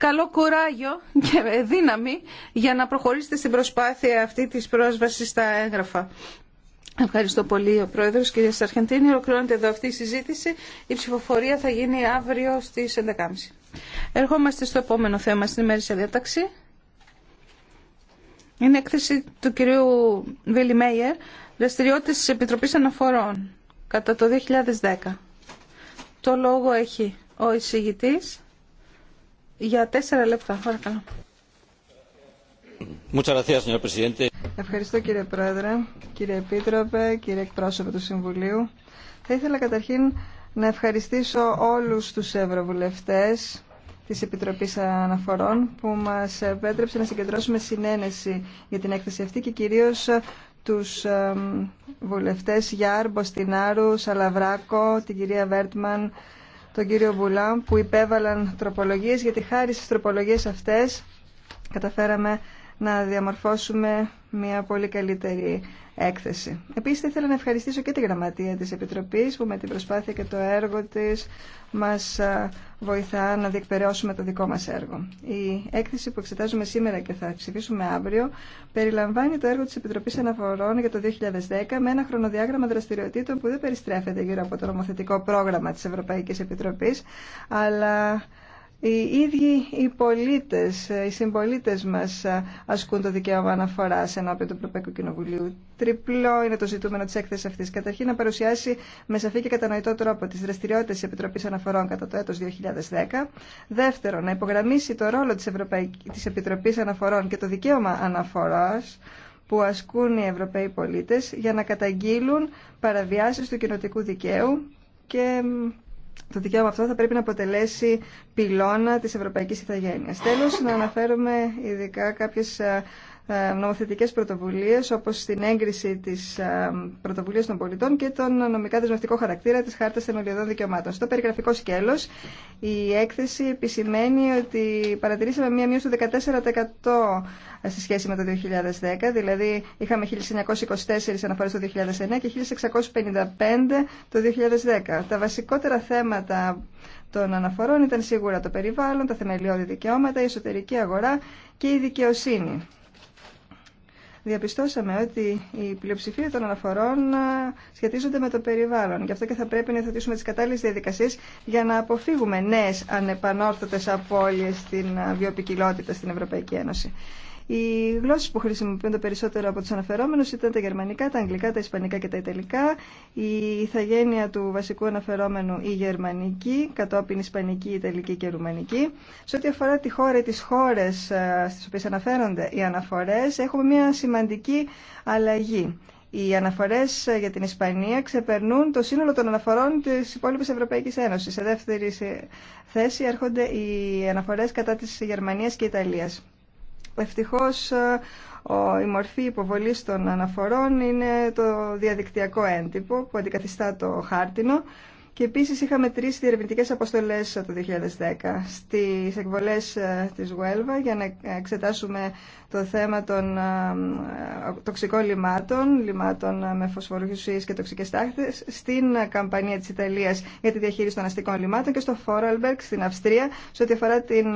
καλό κουράγιο και δύναμη για να προχωρήσετε στην προσπάθεια αυτή της πρόσβασης στα έγγραφα. Ευχαριστώ πολύ ο Πρόεδρος. Κυρία Σαρχεντίνη, ολοκληρώνεται εδώ αυτή η συζήτηση. Η ψηφοφορία θα γίνει αύριο στις 11.30. Ερχόμαστε στο επόμενο θέμα στην ημέρησια διάταξη. Είναι έκθεση του κυρίου Βίλι Μέιερ, δραστηριότητες της Επιτροπής Αναφορών κατά το 2010. Το λόγο έχει ο εισηγητής. Για τέσσερα λεπτά, Ευχαριστώ κύριε Πρόεδρε, κύριε Επίτροπε, κύριε εκπρόσωπε του Συμβουλίου. Θα ήθελα καταρχήν να ευχαριστήσω όλους τους ευρωβουλευτές της Επιτροπής Αναφορών που μας επέτρεψε να συγκεντρώσουμε συνένεση για την έκθεση αυτή και κυρίως τους βουλευτές Γιάρ, Μποστινάρου, Σαλαβράκο, την κυρία Βέρτμαν, τον κύριο μπούλαμ που υπέβαλαν τροπολογίες γιατί χάρη στις τροπολογίες αυτές καταφέραμε να διαμορφώσουμε μια πολύ καλύτερη έκθεση. Επίσης, ήθελα να ευχαριστήσω και τη Γραμματεία της Επιτροπής που με την προσπάθεια και το έργο της μας ε, βοηθά να διεκπαιρεώσουμε το δικό μας έργο. Η έκθεση που εξετάζουμε σήμερα και θα ψηφίσουμε αύριο περιλαμβάνει το έργο της Επιτροπής Αναφορών για το 2010 με ένα χρονοδιάγραμμα δραστηριοτήτων που δεν περιστρέφεται γύρω από το νομοθετικό πρόγραμμα της Ευρωπαϊκής Επιτροπής αλλά οι ίδιοι οι πολίτες, οι συμπολίτες μας ασκούν το δικαίωμα αναφοράς ενώπιον του Ευρωπαϊκού Κοινοβουλίου. Τριπλό είναι το ζητούμενο της έκθεσης αυτής. Καταρχήν να παρουσιάσει με σαφή και κατανοητό τρόπο τις δραστηριότητες της Επιτροπής Αναφορών κατά το έτος 2010. Δεύτερον, να υπογραμμίσει το ρόλο της, Ευρωπαϊκής, της Επιτροπής Αναφορών και το δικαίωμα αναφοράς που ασκούν οι Ευρωπαίοι πολίτες για να καταγγείλουν παραβιάσεις του κοινοτικού δικαίου και το δικαίωμα αυτό θα πρέπει να αποτελέσει πυλώνα της ευρωπαϊκής Ιθαγένειας. Τέλος, να αναφέρουμε ειδικά κάποιες ε, ε, Νομοθετικέ πρωτοβουλίε, όπω την έγκριση τη ε, πρωτοβουλία των πολιτών και τον νομικά δεσμευτικό χαρακτήρα τη χάρτα Θεμελιωδών Δικαιωμάτων. Στο περιγραφικό σκέλο η έκθεση επισημαίνει ότι παρατηρήσαμε μία μείωση του 14% σε σχέση με το 2010, δηλαδή είχαμε 1924 αναφορέ το 2009 και 1655 το 2010. Τα βασικότερα θέματα των αναφορών ήταν σίγουρα το περιβάλλον, τα θεμελιώδη δικαιώματα, η εσωτερική αγορά και η δικαιοσύνη διαπιστώσαμε ότι η πλειοψηφία των αναφορών ε, σχετίζονται με το περιβάλλον. Γι' αυτό και θα πρέπει να υιοθετήσουμε τι κατάλληλε διαδικασίε για να αποφύγουμε νέε ανεπανόρθωτε απώλειε στην ε, βιοπικιλότητα στην Ευρωπαϊκή Ένωση. Οι γλώσσε που χρησιμοποιούνται περισσότερο από του αναφερόμενου ήταν τα γερμανικά, τα αγγλικά, τα ισπανικά και τα ιταλικά. Η ηθαγένεια του βασικού αναφερόμενου η γερμανική, κατόπιν ισπανική, ιταλική και ρουμανική. Σε ό,τι αφορά τη χώρα ή τι χώρε ε, στι οποίε αναφέρονται οι αναφορέ, έχουμε μια σημαντική αλλαγή. Οι αναφορέ ε, για την Ισπανία ξεπερνούν το σύνολο των αναφορών τη υπόλοιπη Ευρωπαϊκή Ένωση. Σε δεύτερη θέση έρχονται οι αναφορέ κατά τη Γερμανία και Ιταλία. Ευτυχώς ε, η μορφή υποβολής των αναφορών είναι το διαδικτυακό έντυπο που αντικαθιστά το χάρτινο και επίσης είχαμε τρεις διερευνητικές αποστολές το 2010 στις εκβολές ε, της Γουέλβα για να εξετάσουμε το θέμα των ε, ε, τοξικών λιμάτων, λιμάτων με φωσφορουσίες και τοξικές τάχτες, στην καμπανία της Ιταλίας για τη διαχείριση των αστικών λιμάτων και στο Φόραλμπεργκ στην Αυστρία σε ό,τι αφορά την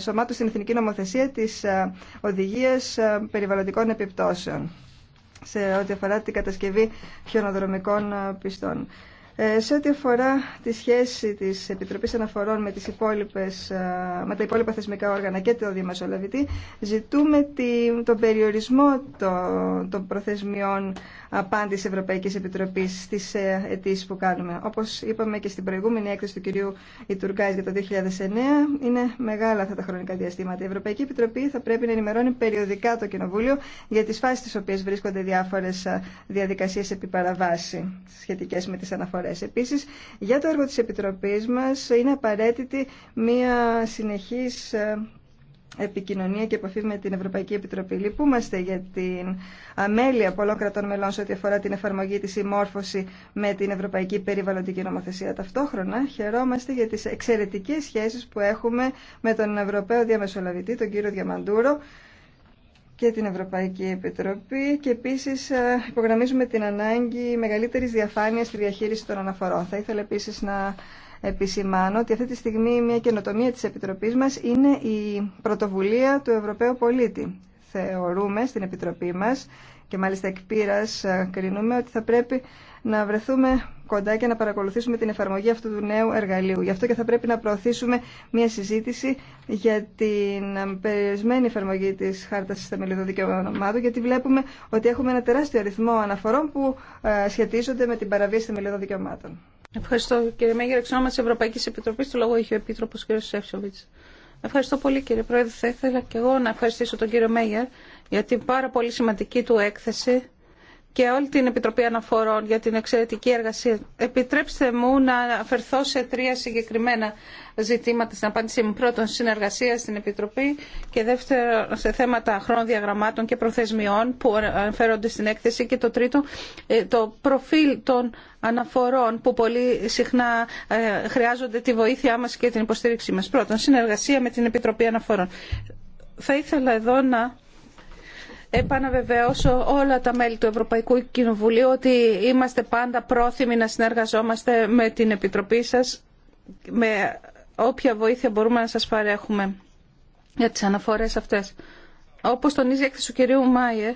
σωμάτωση στην εθνική νομοθεσία της οδηγίας περιβαλλοντικών επιπτώσεων σε ό,τι αφορά την κατασκευή χιονοδρομικών πιστών. Ε, σε ό,τι αφορά τη σχέση της Επιτροπής Αναφορών με, τις υπόλοιπες, ε, με τα υπόλοιπα θεσμικά όργανα και το Διαμεσολαβητή, ζητούμε τον περιορισμό των προθεσμιών απάντηση Ευρωπαϊκής Επιτροπής στις ε, αιτήσει που κάνουμε. Όπως είπαμε και στην προηγούμενη έκθεση του κυρίου Ιτουργκάης για το 2009, είναι μεγάλα αυτά τα χρονικά διαστήματα. Η Ευρωπαϊκή Επιτροπή θα πρέπει να ενημερώνει περιοδικά το Κοινοβούλιο για τις φάσεις στις οποίες βρίσκονται διάφορες ε, διαδικασίες επί παραβάση με τις αναφορές. Επίσης, για το έργο της Επιτροπής μας είναι απαραίτητη μια συνεχής ε, επικοινωνία και επαφή με την Ευρωπαϊκή Επιτροπή. Λυπούμαστε για την αμέλεια πολλών κρατών μελών σε ό,τι αφορά την εφαρμογή τη συμμόρφωση με την Ευρωπαϊκή Περιβαλλοντική Νομοθεσία. Ταυτόχρονα χαιρόμαστε για τι εξαιρετικέ σχέσει που έχουμε με τον Ευρωπαίο Διαμεσολαβητή, τον κύριο Διαμαντούρο και την Ευρωπαϊκή Επιτροπή και επίσης ε, υπογραμμίζουμε την ανάγκη μεγαλύτερης διαφάνειας στη διαχείριση των αναφορών. Θα ήθελα επίσης να επισημάνω ότι αυτή τη στιγμή μια καινοτομία της Επιτροπής μας είναι η πρωτοβουλία του Ευρωπαίου πολίτη. Θεωρούμε στην Επιτροπή μας και μάλιστα εκ πείρας ε, κρίνουμε ότι θα πρέπει να βρεθούμε κοντά και να παρακολουθήσουμε την εφαρμογή αυτού του νέου εργαλείου. Γι' αυτό και θα πρέπει να προωθήσουμε μια συζήτηση για την ε, περιορισμένη εφαρμογή τη Χάρτα Θεμελιωδών Δικαιωμάτων, γιατί βλέπουμε ότι έχουμε ένα τεράστιο αριθμό αναφορών που ε, σχετίζονται με την παραβίαση θεμελιωδών δικαιωμάτων. Ευχαριστώ κύριε Μέγερ. Εξ ονόμα τη Ευρωπαϊκή Επιτροπή, του λόγο έχει ο Επίτροπο κ. Σεύσοβιτ. Ευχαριστώ πολύ κύριε Πρόεδρε. Θα ήθελα και εγώ να ευχαριστήσω τον κύριο Μέγερ για την πάρα πολύ σημαντική του έκθεση και όλη την Επιτροπή Αναφορών για την εξαιρετική εργασία. Επιτρέψτε μου να αφαιρθώ σε τρία συγκεκριμένα ζητήματα στην απάντησή μου. Πρώτον, συνεργασία στην Επιτροπή και δεύτερον, σε θέματα χρονοδιαγραμμάτων και προθεσμιών που αναφέρονται στην έκθεση. Και το τρίτο, ε, το προφίλ των αναφορών που πολύ συχνά ε, χρειάζονται τη βοήθειά μας και την υποστήριξή μας. Πρώτον, συνεργασία με την Επιτροπή Αναφορών. Θα ήθελα εδώ να επαναβεβαιώσω όλα τα μέλη του Ευρωπαϊκού Κοινοβουλίου ότι είμαστε πάντα πρόθυμοι να συνεργαζόμαστε με την Επιτροπή σας με όποια βοήθεια μπορούμε να σας παρέχουμε για τις αναφορές αυτές. Όπως τονίζει η έκθεση του κυρίου Μάιερ,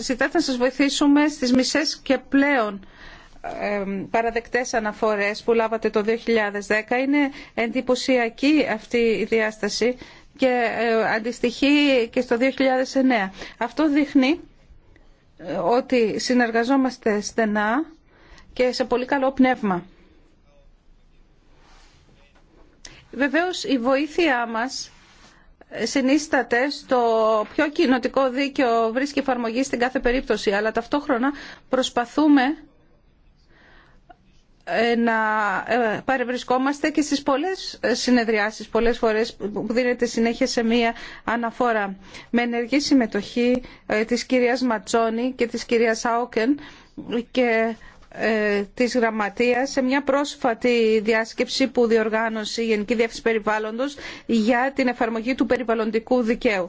ζητάτε να σας βοηθήσουμε στις μισές και πλέον παραδεκτές αναφορές που λάβατε το 2010. Είναι εντυπωσιακή αυτή η διάσταση και ε, αντιστοιχεί και στο 2009. Αυτό δείχνει ε, ότι συνεργαζόμαστε στενά και σε πολύ καλό πνεύμα. Βεβαίως η βοήθειά μας ε, συνίσταται στο ποιο κοινοτικό δίκαιο βρίσκει εφαρμογή στην κάθε περίπτωση, αλλά ταυτόχρονα προσπαθούμε ε, να ε, παρευρισκόμαστε και στις πολλές ε, συνεδριάσεις, πολλές φορές που δίνεται συνέχεια σε μία αναφορά. Με ενεργή συμμετοχή της κυρίας Ματσόνη και της κυρίας Άοκεν και της Γραμματείας σε μια πρόσφατη διάσκεψη που διοργάνωσε η Γενική Διεύθυνση Περιβάλλοντος για την εφαρμογή του περιβαλλοντικού δικαίου.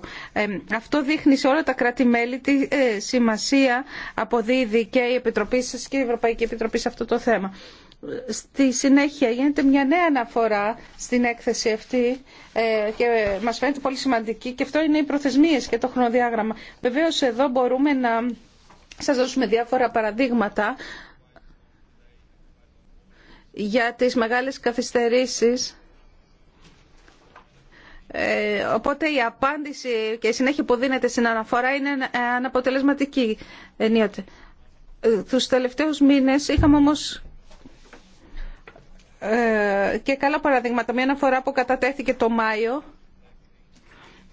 αυτό δείχνει σε όλα τα κράτη-μέλη τη σημασία αποδίδει και η Επιτροπή και η Ευρωπαϊκή Επιτροπή σε αυτό το θέμα. Στη συνέχεια γίνεται μια νέα αναφορά στην έκθεση αυτή ε, και μας φαίνεται πολύ σημαντική και αυτό είναι οι προθεσμίες και το χρονοδιάγραμμα. Βεβαίως εδώ μπορούμε να σας δώσουμε διάφορα παραδείγματα για τις μεγάλες καθυστερήσεις ε, οπότε η απάντηση και η συνέχεια που δίνεται στην αναφορά είναι αναποτελεσματική ενίοτε. Ε, τους τελευταίους μήνες είχαμε όμως ε, και καλά παραδείγματα. Μια αναφορά που κατατέθηκε το Μάιο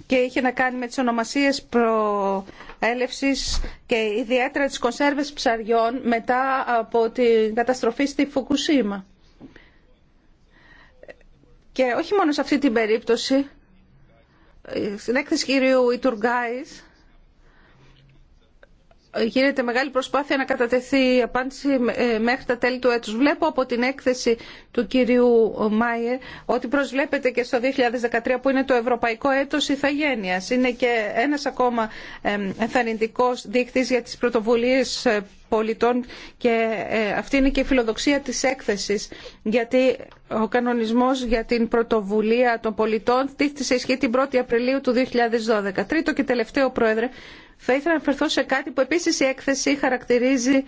και είχε να κάνει με τις ονομασίες προέλευσης και ιδιαίτερα τις κονσέρβες ψαριών μετά από την καταστροφή στη Φουκουσίμα. Και όχι μόνο σε αυτή την περίπτωση, στην έκθεση κυρίου Ιτουργκάης, γίνεται μεγάλη προσπάθεια να κατατεθεί η απάντηση ε, μέχρι τα τέλη του έτους. Βλέπω από την έκθεση του κυρίου Μάιε ότι προσβλέπεται και στο 2013 που είναι το Ευρωπαϊκό Έτος Ιθαγένειας. Είναι και ένας ακόμα εθαρρυντικός δείκτης για τις πρωτοβουλίες ε, πολιτών και ε, αυτή είναι και η φιλοδοξία της έκθεσης γιατί ο κανονισμός για την πρωτοβουλία των πολιτών τίθεται σε ισχύ την 1η Απριλίου του 2012. Τρίτο και τελευταίο, Πρόεδρε, θα ήθελα να αναφερθώ σε κάτι που επίσης η έκθεση χαρακτηρίζει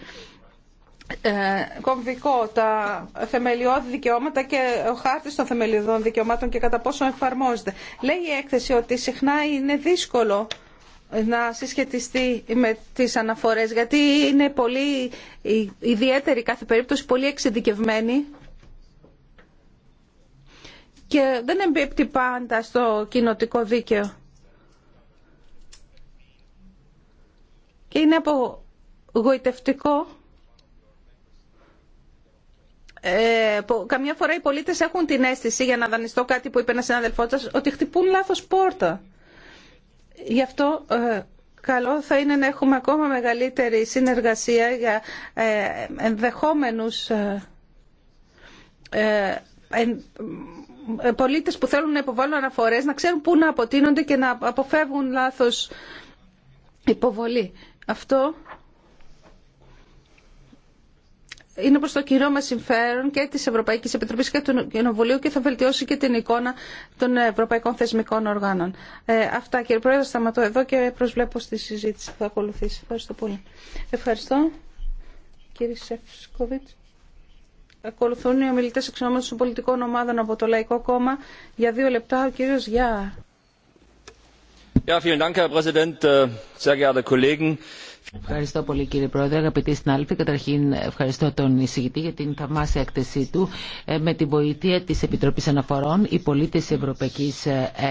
ε, κομβικό τα θεμελιώδη δικαιώματα και ο χάρτη των θεμελιωδών δικαιωμάτων και κατά πόσο εφαρμόζεται. Λέει η έκθεση ότι συχνά είναι δύσκολο να συσχετιστεί με τις αναφορές γιατί είναι πολύ ιδιαίτερη κάθε περίπτωση, πολύ εξειδικευμένη και δεν εμπίπτει πάντα στο κοινοτικό δίκαιο. Και είναι απογοητευτικό ε, που καμιά φορά οι πολίτες έχουν την αίσθηση, για να δανειστώ κάτι που είπε ένα συνάδελφό σας, ότι χτυπούν λάθος πόρτα. Γι' αυτό ε, καλό θα είναι να έχουμε ακόμα μεγαλύτερη συνεργασία για ε, ενδεχόμενους πολίτες που θέλουν να υποβάλουν αναφορές, να ξέρουν πού να αποτείνονται και να αποφεύγουν λάθος υποβολή. Αυτό είναι προς το κοινό μας συμφέρον και της Ευρωπαϊκής Επιτροπής και του Κοινοβουλίου και θα βελτιώσει και την εικόνα των Ευρωπαϊκών Θεσμικών Οργάνων. Ε, αυτά κύριε Πρόεδρε, σταματώ εδώ και προσβλέπω στη συζήτηση που θα ακολουθήσει. Ευχαριστώ πολύ. Ευχαριστώ κύριε Σεφσκοβιτ. Ακολουθούν οι ομιλητές εξωνόμενων των πολιτικών ομάδων από το Λαϊκό Κόμμα. Για δύο λεπτά ο κύριος Γιά herr präsident sehr geehrte kollegen! Ευχαριστώ πολύ κύριε Πρόεδρε. Αγαπητοί συνάδελφοι, καταρχήν ευχαριστώ τον εισηγητή για την θαυμάσια έκθεσή του. Ε, με τη βοήθεια της Επιτροπής Αναφορών, οι πολίτες της Ευρωπαϊκής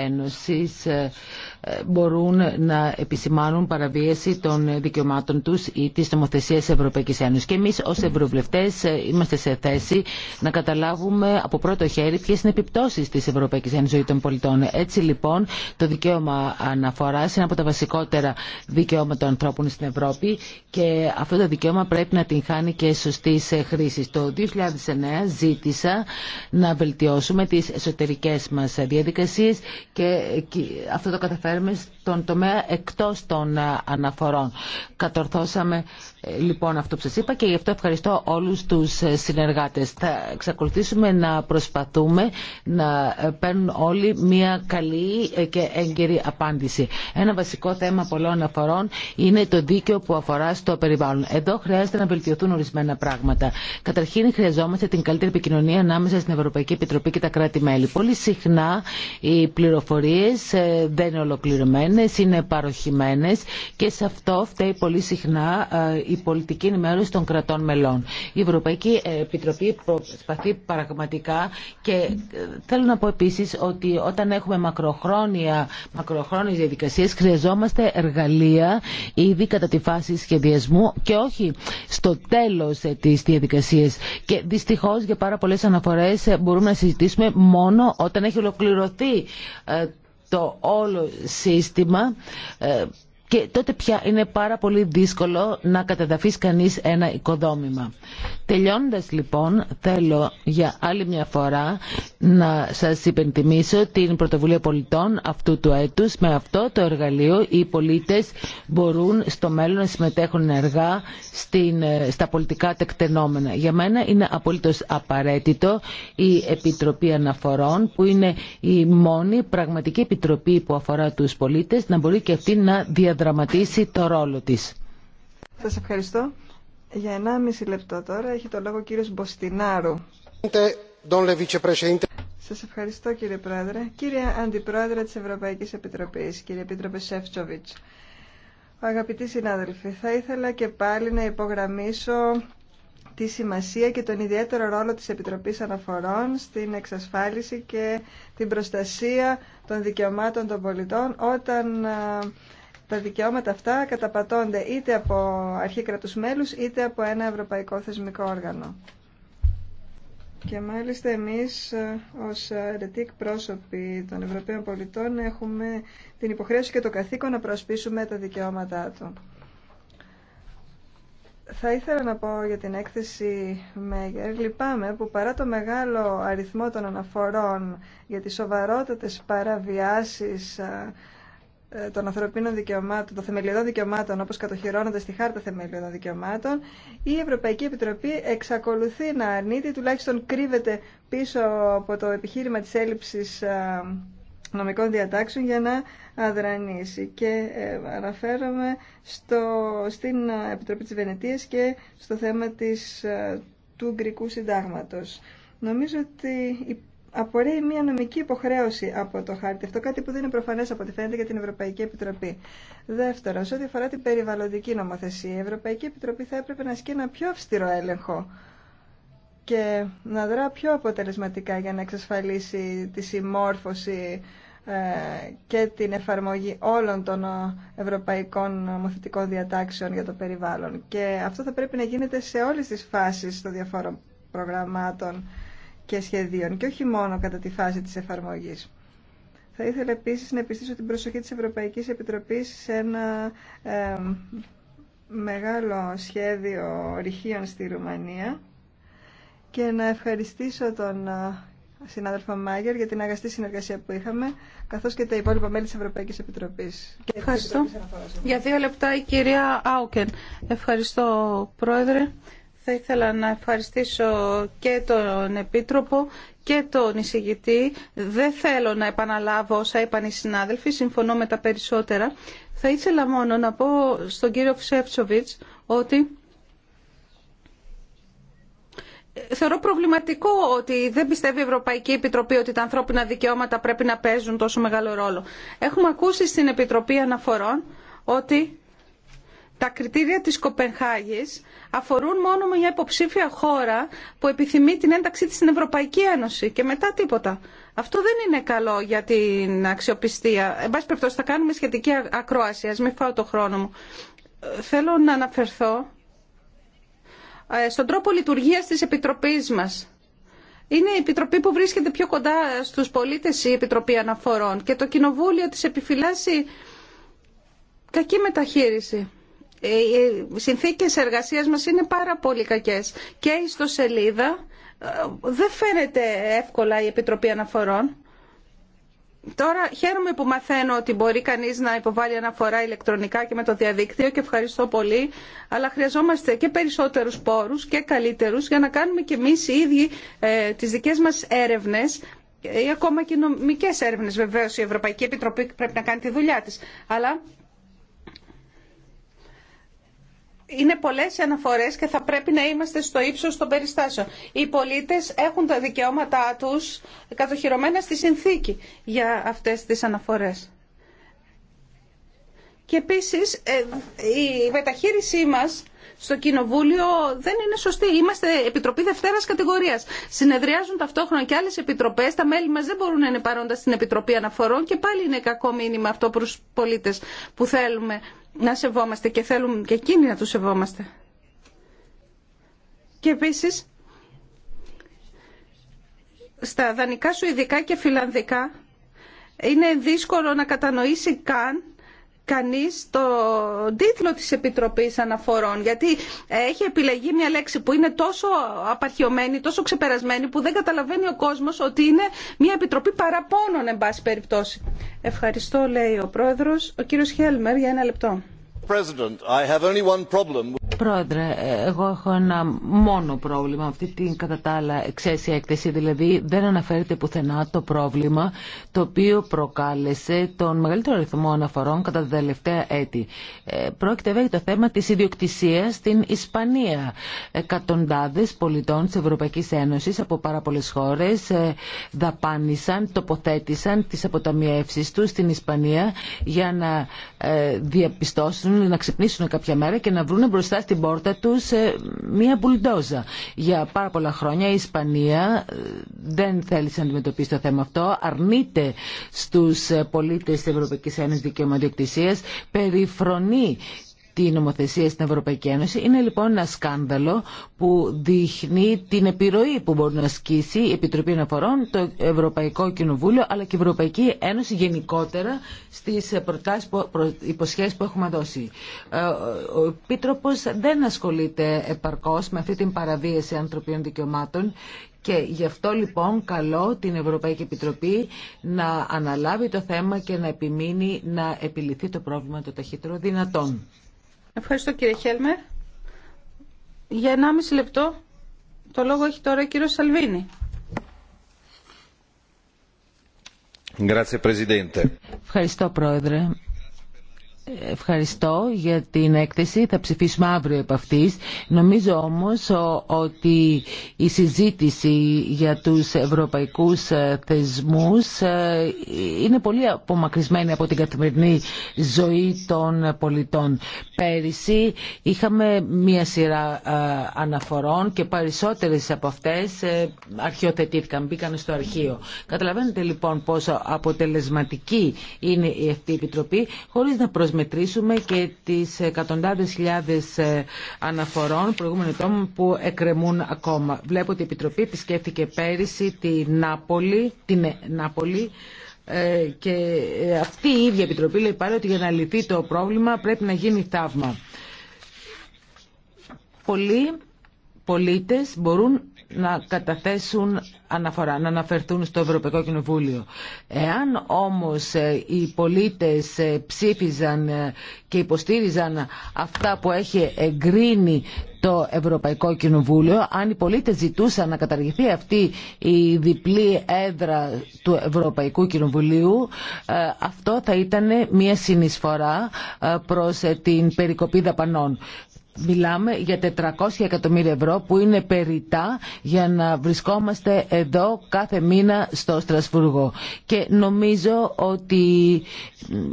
Ένωσης ε, ε, μπορούν να επισημάνουν παραβίαση των δικαιωμάτων τους ή της νομοθεσίας της Ευρωπαϊκής Ένωσης. Και εμείς ως ευρωβουλευτές είμαστε σε θέση να καταλάβουμε από πρώτο χέρι ποιες είναι οι επιπτώσεις της Ευρωπαϊκής Ένωσης ζωή των πολιτών. Έτσι λοιπόν το δικαίωμα αναφοράς είναι από τα βασικότερα δικαιώματα των ανθρώπων στην Ευρώπη και αυτό το δικαίωμα πρέπει να την χάνει και σωστή ε, χρήση. Το 2009 ζήτησα να βελτιώσουμε τις εσωτερικές μας διαδικασίες και αυτό το καταφέρουμε στον τομέα εκτός των ε, αναφορών. Κατορθώσαμε ε, λοιπόν αυτό που σας είπα και γι' αυτό ευχαριστώ όλους τους συνεργάτες. Θα εξακολουθήσουμε να προσπαθούμε να παίρνουν όλοι μια καλή και έγκαιρη απάντηση. Ένα βασικό θέμα πολλών αναφορών είναι το δίκαιο που αφορά στο περιβάλλον. Εδώ χρειάζεται να βελτιωθούν ορισμένα πράγματα. Καταρχήν χρειαζόμαστε την καλύτερη επικοινωνία ανάμεσα στην Ευρωπαϊκή Επιτροπή και τα κράτη-μέλη. Πολύ συχνά οι πληροφορίε ε, δεν είναι ολοκληρωμένε, είναι παροχημένε και σε αυτό φταίει πολύ συχνά ε, η πολιτική ενημέρωση των κρατών μελών. Η Ευρωπαϊκή ε, Επιτροπή προσπαθεί πραγματικά και θέλω να πω επίση ότι όταν έχουμε μακροχρόνια, διαδικασίε χρειαζόμαστε εργαλεία ήδη κατά τη φάση φάση σχεδιασμού και όχι στο τέλος ε, της διαδικασίας. Και δυστυχώς για πάρα πολλές αναφορές ε, μπορούμε να συζητήσουμε μόνο όταν έχει ολοκληρωθεί ε, το όλο σύστημα και τότε πια είναι πάρα πολύ δύσκολο να καταδαφείς κανείς ένα οικοδόμημα. Τελειώνοντας λοιπόν, θέλω για άλλη μια φορά να σας υπενθυμίσω την πρωτοβουλία πολιτών αυτού του έτους. Με αυτό το εργαλείο οι πολίτες μπορούν στο μέλλον να συμμετέχουν ενεργά στην, ε, στα πολιτικά τεκτενόμενα. Για μένα είναι απολύτως απαραίτητο η Επιτροπή Αναφορών που είναι η μόνη πραγματική επιτροπή που αφορά τους πολίτες να μπορεί και αυτή να διαδραματίσει το ρόλο της. Σας ευχαριστώ. Για 1,5 λεπτό τώρα έχει το λόγο ο κύριος Μποστινάρου. Σας ευχαριστώ κύριε Πρόεδρε. Κύριε Αντιπρόεδρε της Ευρωπαϊκής Επιτροπής, κύριε Επίτροπε Σεφτσοβιτς. Αγαπητοί συνάδελφοι, θα ήθελα και πάλι να υπογραμμίσω τη σημασία και τον ιδιαίτερο ρόλο της Επιτροπής Αναφορών στην εξασφάλιση και την προστασία των δικαιωμάτων των πολιτών όταν τα δικαιώματα αυτά καταπατώνται είτε από αρχή κρατούς μέλους είτε από ένα ευρωπαϊκό θεσμικό όργανο. Και μάλιστα εμείς ε, ως αρετοί πρόσωποι των Ευρωπαίων πολιτών έχουμε την υποχρέωση και το καθήκον να προσπίσουμε τα δικαιώματά του. Θα ήθελα να πω για την έκθεση Μέγερ. Λυπάμαι που παρά το μεγάλο αριθμό των αναφορών για τις σοβαρότατες παραβιάσεις ε, ε, των ανθρωπίνων δικαιωμάτων, των θεμελιωδών δικαιωμάτων όπως κατοχυρώνονται στη Χάρτα Θεμελιωδών Δικαιωμάτων η Ευρωπαϊκή Επιτροπή εξακολουθεί να αρνείται τουλάχιστον κρύβεται πίσω από το επιχείρημα της έλλειψης ε, νομικών διατάξεων για να αδρανήσει. Και ε, αναφέρομαι στο, στην Επιτροπή της Βενετία και στο θέμα της, του Γκρικού Συντάγματος. Νομίζω ότι απορρέει μια νομική υποχρέωση από το χάρτη. Αυτό κάτι που δεν είναι προφανέ από ό,τι φαίνεται για την Ευρωπαϊκή Επιτροπή. Δεύτερον, σε ό,τι αφορά την περιβαλλοντική νομοθεσία, η Ευρωπαϊκή Επιτροπή θα έπρεπε να ασκεί ένα πιο αυστηρό έλεγχο και να δρά πιο αποτελεσματικά για να εξασφαλίσει τη συμμόρφωση ε, και την εφαρμογή όλων των ε, ευρωπαϊκών νομοθετικών διατάξεων για το περιβάλλον. Και αυτό θα πρέπει να γίνεται σε όλες τις φάσεις των διαφόρων προγραμμάτων και σχεδίων και όχι μόνο κατά τη φάση της εφαρμογής. Θα ήθελα επίσης να επιστήσω την προσοχή της Ευρωπαϊκής Επιτροπής σε ένα μεγάλο σχέδιο ρηχείων στη Ρουμανία και να ευχαριστήσω τον ε, συνάδελφο Μάγερ για την αγαστή συνεργασία που είχαμε, καθώς και τα υπόλοιπα μέλη της Ευρωπαϊκής Επιτροπής. Ευχαριστώ. Για δύο λεπτά η κυρία Άουκεν. Ευχαριστώ, Πρόεδρε. Θα ήθελα να ευχαριστήσω και τον Επίτροπο και τον εισηγητή. Δεν θέλω να επαναλάβω όσα είπαν οι συνάδελφοι, συμφωνώ με τα περισσότερα. Θα ήθελα μόνο να πω στον κύριο Ψεύτσοβιτς ότι θεωρώ προβληματικό ότι δεν πιστεύει η Ευρωπαϊκή Επιτροπή ότι τα ανθρώπινα δικαιώματα πρέπει να παίζουν τόσο μεγάλο ρόλο. Έχουμε ακούσει στην Επιτροπή Αναφορών ότι τα κριτήρια της Κοπενχάγης αφορούν μόνο μια υποψήφια χώρα που επιθυμεί την ένταξή της στην Ευρωπαϊκή Ένωση και μετά τίποτα. Αυτό δεν είναι καλό για την αξιοπιστία. Εν πάση θα κάνουμε σχετική ακρόαση, ας μην φάω το χρόνο μου. Θέλω να αναφερθώ ε, στον τρόπο λειτουργίας της Επιτροπής μας. Είναι η Επιτροπή που βρίσκεται πιο κοντά στους πολίτες η Επιτροπή Αναφορών και το Κοινοβούλιο της επιφυλάσσει κακή μεταχείριση οι ε, ε, συνθήκες εργασίας μας είναι πάρα πολύ κακές και η ιστοσελίδα ε, δεν φαίνεται εύκολα η Επιτροπή Αναφορών. Τώρα χαίρομαι που μαθαίνω ότι μπορεί κανείς να υποβάλει αναφορά ηλεκτρονικά και με το διαδίκτυο και ευχαριστώ πολύ, αλλά χρειαζόμαστε και περισσότερους πόρους και καλύτερους για να κάνουμε και εμείς οι ίδιοι ε, τις δικές μας έρευνες ή ακόμα και νομικές έρευνες βεβαίως η Ευρωπαϊκή Επιτροπή πρέπει να κάνει τη δουλειά της. Αλλά είναι πολλές οι αναφορές και θα πρέπει να είμαστε στο ύψο των περιστάσεων. Οι πολίτε έχουν τα δικαιώματά τους κατοχυρωμένα στη συνθήκη για αυτές τις αναφορές. Και επίσης ε, η μεταχείρισή μας στο Κοινοβούλιο δεν είναι σωστή. Είμαστε Επιτροπή Δευτέρα Κατηγορία. Συνεδριάζουν ταυτόχρονα και άλλε επιτροπέ. Τα μέλη μα δεν μπορούν να είναι παρόντα στην Επιτροπή Αναφορών και πάλι είναι κακό μήνυμα αυτό προ του πολίτε που θέλουμε να σεβόμαστε και θέλουν και εκείνοι να του σεβόμαστε. Και επίση, στα δανεικά, ειδικά και φιλανδικά είναι δύσκολο να κατανοήσει καν κανείς το τίτλο της Επιτροπής Αναφορών γιατί έχει επιλεγεί μια λέξη που είναι τόσο απαρχιωμένη, τόσο ξεπερασμένη που δεν καταλαβαίνει ο κόσμος ότι είναι μια Επιτροπή παραπώνων εν πάση περιπτώσει. Ευχαριστώ λέει ο Πρόεδρος. Ο κύριος Χέλμερ για ένα λεπτό. Πρόεδρε, εγώ έχω ένα μόνο πρόβλημα, αυτή την κατά τα άλλα εξαίσια έκθεση, δηλαδή δεν αναφέρεται πουθενά το πρόβλημα το οποίο προκάλεσε τον μεγαλύτερο αριθμό αναφορών κατά τα τελευταία έτη. Ε, πρόκειται βέβαια για το θέμα της ιδιοκτησίας στην Ισπανία. Εκατοντάδες πολιτών της Ευρωπαϊκής Ένωσης από πάρα πολλές χώρες ε, δαπάνησαν, τοποθέτησαν τις αποταμιεύσεις τους στην Ισπανία για να ε, διαπιστώσουν, να ξυπνήσουν κάποια μέρα και να βρουν μπροστά στην πόρτα τους ε, μία μπουλντόζα. Για πάρα πολλά χρόνια η Ισπανία ε, δεν θέλησε να αντιμετωπίσει το θέμα αυτό, αρνείται στου ε, πολίτε τη Ευρωπαϊκή Ένωση Δικαιωματιοκτησία, περιφρονεί τη νομοθεσία στην Ευρωπαϊκή Ένωση. Είναι λοιπόν ένα σκάνδαλο που δείχνει την επιρροή που μπορεί να ασκήσει η Επιτροπή Αναφορών, το Ευρωπαϊκό Κοινοβούλιο αλλά και η Ευρωπαϊκή Ένωση γενικότερα στι προτάσεις που, που έχουμε δώσει. Ε, ο επίτροπο δεν ασχολείται επαρκώ με αυτή την παραβίαση ανθρωπίνων δικαιωμάτων και γι' αυτό λοιπόν καλώ την Ευρωπαϊκή Επιτροπή να αναλάβει το θέμα και να επιμείνει να επιληθεί το πρόβλημα το ταχύτερο δυνατόν. Ευχαριστώ κύριε Χέλμερ. Για 1,5 λεπτό το λόγο έχει τώρα ο κύριος Σαλβίνη. Ευχαριστώ πρόεδρε. Ευχαριστώ για την έκθεση. Θα ψηφίσουμε αύριο επ' αυτής. Νομίζω όμως ότι η συζήτηση για τους ευρωπαϊκούς ε, θεσμούς ε, είναι πολύ απομακρυσμένη από την καθημερινή ζωή των πολιτών. Πέρυσι είχαμε μία σειρά ε, αναφορών και περισσότερες από αυτές αρχιοθετήθηκαν, μπήκαν στο αρχείο. Καταλαβαίνετε λοιπόν πόσο αποτελεσματική είναι η αυτή Επιτροπή χωρίς να μετρήσουμε και τις εκατοντάδες χιλιάδες ε, αναφορών προηγούμενων ετών που εκκρεμούν ακόμα. Βλέπω ότι η Επιτροπή επισκέφθηκε πέρυσι τη Νάπολη, την Νάπολη ε, και ε, αυτή η ίδια Επιτροπή λέει πάλι ότι για να λυθεί το πρόβλημα πρέπει να γίνει θαύμα. Πολλοί πολίτες μπορούν να καταθέσουν αναφορά, να αναφερθούν στο Ευρωπαϊκό Κοινοβούλιο. Εάν όμως ε, οι πολίτες ε, ψήφιζαν ε, και υποστήριζαν αυτά που έχει εγκρίνει το Ευρωπαϊκό Κοινοβούλιο, αν οι πολίτες ζητούσαν να καταργηθεί αυτή η διπλή έδρα του Ευρωπαϊκού Κοινοβουλίου, αυτό θα ήταν μια συνεισφορά προς την περικοπή δαπανών. Μιλάμε για 400 εκατομμύρια ευρώ που είναι περιτά για να βρισκόμαστε εδώ κάθε μήνα στο Στρασβούργο. Και νομίζω ότι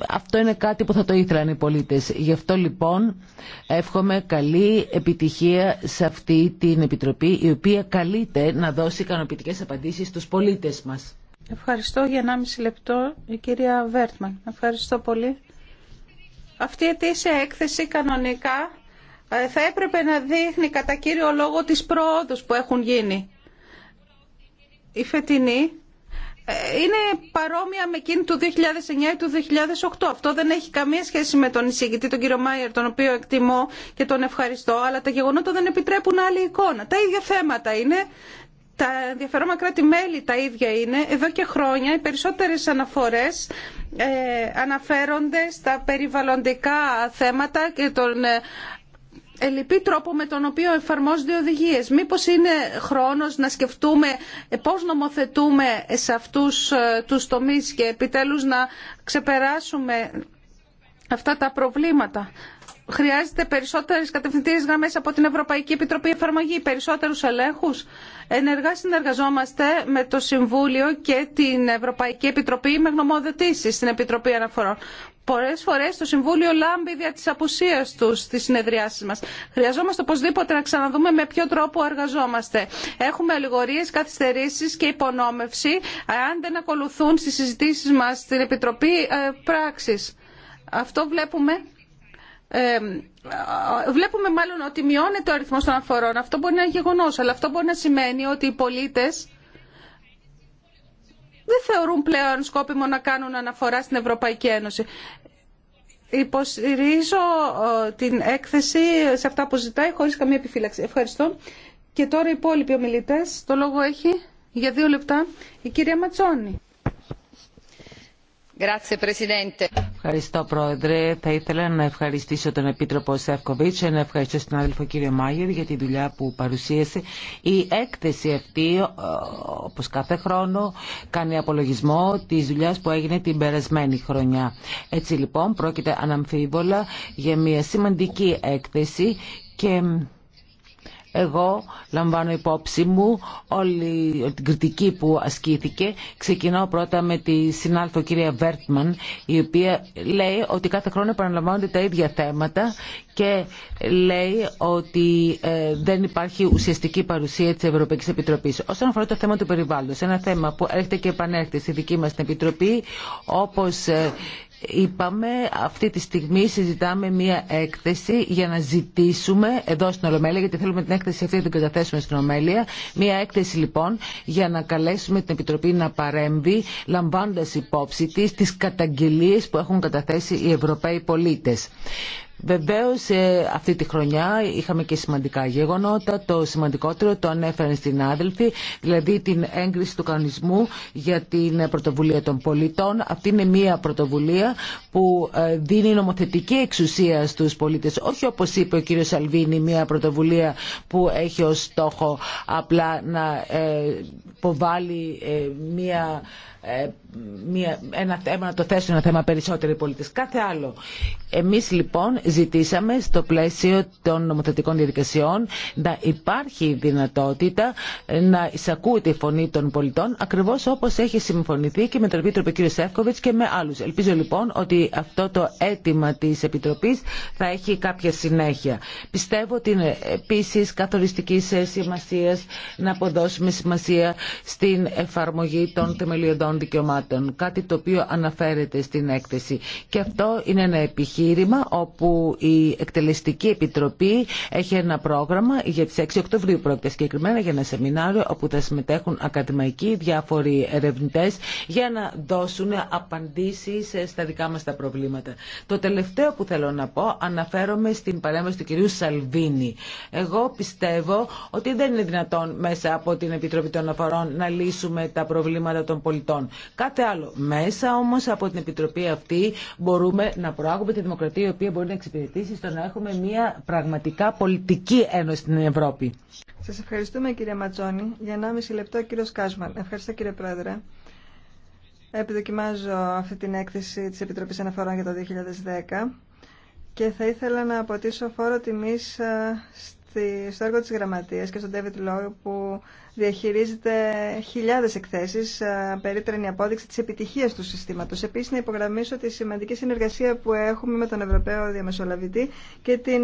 αυτό είναι κάτι που θα το ήθελαν οι πολίτες. Γι' αυτό λοιπόν εύχομαι καλή επιτυχία σε αυτή την Επιτροπή η οποία καλείται να δώσει ικανοποιητικέ απαντήσεις στους πολίτες μας. Ευχαριστώ για 1,5 λεπτό η κυρία Βέρτμαν. Ευχαριστώ πολύ. Αυτή η αιτήσια έκθεση κανονικά ε, θα έπρεπε να δείχνει κατά κύριο λόγο τις πρόοδους που έχουν γίνει. Η φετινή ε, είναι παρόμοια με εκείνη του 2009 ή του 2008. Αυτό δεν έχει καμία σχέση με τον εισηγητή, τον κύριο Μάιερ, τον οποίο εκτιμώ και τον ευχαριστώ, αλλά τα γεγονότα δεν επιτρέπουν άλλη εικόνα. Τα ίδια θέματα είναι, τα ενδιαφερόμα κράτη-μέλη τα ίδια είναι. Εδώ και χρόνια οι περισσότερες αναφορές ε, αναφέρονται στα περιβαλλοντικά θέματα και τον ελλειπή τρόπο με τον οποίο εφαρμόζονται οι οδηγίες. Μήπως είναι χρόνος να σκεφτούμε πώς νομοθετούμε σε αυτούς ε, τους τομείς και επιτέλους να ξεπεράσουμε αυτά τα προβλήματα. Χρειάζεται περισσότερε κατευθυντήριε γραμμέ από την Ευρωπαϊκή Επιτροπή Εφαρμογή, περισσότερου ελέγχου. Ενεργά συνεργαζόμαστε με το Συμβούλιο και την Ευρωπαϊκή Επιτροπή με γνωμοδοτήσει στην Επιτροπή Αναφορών. Πολλέ φορέ το Συμβούλιο λάμπει δια τη απουσία του στι συνεδριάσει μα. Χρειαζόμαστε οπωσδήποτε να ξαναδούμε με ποιο τρόπο εργαζόμαστε. Έχουμε αλληγορίες, καθυστερήσει και υπονόμευση αν δεν ακολουθούν στι συζητήσει μα στην Επιτροπή ε, πράξη. Αυτό βλέπουμε ε, βλέπουμε μάλλον ότι μειώνεται ο αριθμός των αφορών. Αυτό μπορεί να είναι γεγονός, αλλά αυτό μπορεί να σημαίνει ότι οι πολίτες δεν θεωρούν πλέον σκόπιμο να κάνουν αναφορά στην Ευρωπαϊκή Ένωση. Υποστηρίζω ε, την έκθεση σε αυτά που ζητάει χωρίς καμία επιφύλαξη. Ευχαριστώ. Και τώρα οι υπόλοιποι ομιλητές, το λόγο έχει για δύο λεπτά η κυρία Ματσόνη. Ευχαριστώ Πρόεδρε. Θα ήθελα να ευχαριστήσω τον Επίτροπο Σεύκοβιτς, να ευχαριστήσω τον άδελφο κύριο Μάγερ για τη δουλειά που παρουσίασε. Η έκθεση αυτή, όπως κάθε χρόνο, κάνει απολογισμό της δουλειάς που έγινε την περασμένη χρονιά. Έτσι λοιπόν πρόκειται αναμφίβολα για μια σημαντική έκθεση και εγώ λαμβάνω υπόψη μου όλη την κριτική που ασκήθηκε. Ξεκινώ πρώτα με τη συνάλφο κυρία Βέρτμαν, η οποία λέει ότι κάθε χρόνο επαναλαμβάνονται τα ίδια θέματα και λέει ότι ε, δεν υπάρχει ουσιαστική παρουσία της Ευρωπαϊκής Επιτροπής. Όσον αφορά το θέμα του περιβάλλοντος, ένα θέμα που έρχεται και επανέρχεται στη δική μας την Επιτροπή, όπως ε, είπαμε αυτή τη στιγμή συζητάμε μία έκθεση για να ζητήσουμε εδώ στην Ολομέλεια, γιατί θέλουμε την έκθεση αυτή να την καταθέσουμε στην Ολομέλεια, μία έκθεση λοιπόν για να καλέσουμε την Επιτροπή να παρέμβει λαμβάνοντας υπόψη τη τις καταγγελίες που έχουν καταθέσει οι Ευρωπαίοι πολίτες. Βεβαίως ε, αυτή τη χρονιά είχαμε και σημαντικά γεγονότα. Το σημαντικότερο το ανέφεραν στην άδελφη, δηλαδή την έγκριση του κανονισμού για την πρωτοβουλία των πολιτών. Αυτή είναι μια πρωτοβουλία που ε, δίνει νομοθετική εξουσία στους πολίτες. Όχι όπως είπε ο κύριος Σαλβίνη, μια πρωτοβουλία που έχει ως στόχο απλά να ε, υποβάλει μια ε, ένα θέμα, να το θέσουν ένα θέμα περισσότερο οι πολίτες. Κάθε άλλο. Εμείς λοιπόν ζητήσαμε στο πλαίσιο των νομοθετικών διαδικασιών να υπάρχει δυνατότητα να εισακούει τη φωνή των πολιτών ακριβώς όπως έχει συμφωνηθεί και με τον Επίτροπο κ. Σεύκοβιτς και με άλλους. Ελπίζω λοιπόν ότι αυτό το αίτημα της Επιτροπής θα έχει κάποια συνέχεια. Πιστεύω ότι είναι επίσης καθοριστική σημασία να αποδώσουμε σημασία στην εφαρμογή των θεμελιωδών των δικαιωμάτων, κάτι το οποίο αναφέρεται στην έκθεση. Και αυτό είναι ένα επιχείρημα όπου η Εκτελεστική Επιτροπή έχει ένα πρόγραμμα για τις 6 Οκτωβρίου πρόκειται συγκεκριμένα για ένα σεμινάριο όπου θα συμμετέχουν ακαδημαϊκοί, διάφοροι ερευνητές για να δώσουν απαντήσεις στα δικά μας τα προβλήματα. Το τελευταίο που θέλω να πω αναφέρομαι στην παρέμβαση του κυρίου Σαλβίνη. Εγώ πιστεύω ότι δεν είναι δυνατόν μέσα από την Επιτροπή των Αφορών να λύσουμε τα προβλήματα των πολιτών πολιτών. Λοιπόν. Κάτι άλλο. Μέσα όμω από την Επιτροπή αυτή μπορούμε να προάγουμε τη δημοκρατία η οποία μπορεί να εξυπηρετήσει στο να έχουμε μια πραγματικά πολιτική ένωση στην Ευρώπη. Σα ευχαριστούμε κύριε Ματζόνη. Για 1,5 λεπτό κύριο Κάσμαν. Ευχαριστώ κύριε Πρόεδρε. Επιδοκιμάζω αυτή την έκθεση της Επιτροπής Αναφορών για το 2010 και θα ήθελα να αποτίσω φόρο τιμής ε, στο έργο της Γραμματείας και στον David Law που διαχειρίζεται χιλιάδες εκθέσεις, περίτρανη απόδειξη της επιτυχίας του συστήματος. Επίσης, να υπογραμμίσω τη σημαντική συνεργασία που έχουμε με τον Ευρωπαίο Διαμεσολαβητή και την